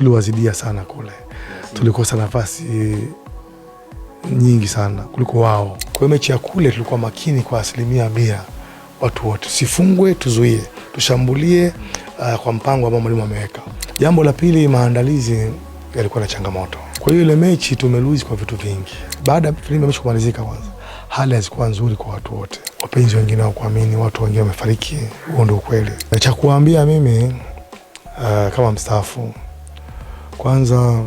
tuliwazidia sana kule, tulikosa nafasi nyingi sana kuliko wao. Kwa hiyo mechi ya kule tulikuwa makini kwa asilimia mia, watu wote sifungwe, tuzuie, tushambulie uh, kwa mpango ambao mwalimu ameweka. Jambo la pili, maandalizi yalikuwa na changamoto. Kwa hiyo ile mechi tumeluzi kwa vitu vingi. Baada ya mechi kumalizika, kwanza hali hazikuwa nzuri kwa watu wote, wapenzi wengine hawakuamini, watu wengine wamefariki. Huo ndio ukweli cha kuambia mimi uh, kama mstaafu kwanza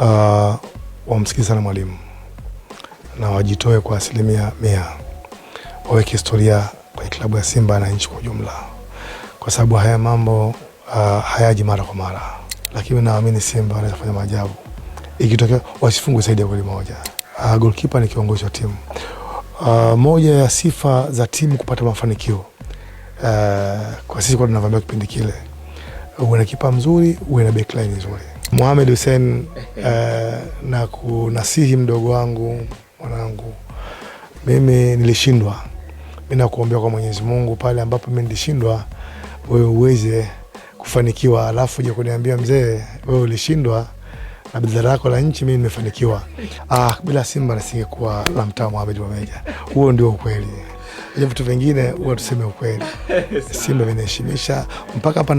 uh, ah, wamsikize sana mwalimu na wajitoe kwa asilimia mia, waweke historia kwenye klabu ya Simba na nchi kwa ujumla, kwa sababu haya mambo uh, hayaji mara kwa mara, lakini naamini Simba anaweza kufanya maajabu. Ikitokea wasifungwe zaidi ya goli moja. Uh, ah, golkipa ni kiongozi wa timu. Uh, moja ya sifa za timu kupata mafanikio uh, kwa sisi kwa tunavambia kipindi kile uwe na kipa mzuri, uwe na backline nzuri. Mohamed Hussein uh, na kunasihi mdogo wangu, mwanangu, mimi nilishindwa, mi nakuombea kwa Mwenyezi Mungu pale ambapo mi nilishindwa, wewe uweze kufanikiwa, alafu je kuniambia mzee, wewe ulishindwa na bidhara yako la nchi, mimi nimefanikiwa. Ah, bila Simba nisingekuwa la mtaa Mohamed Mameja. Huo ndio ukweli, vitu vingine huwa tuseme ukweli. Simba vinaheshimisha mpaka hapa.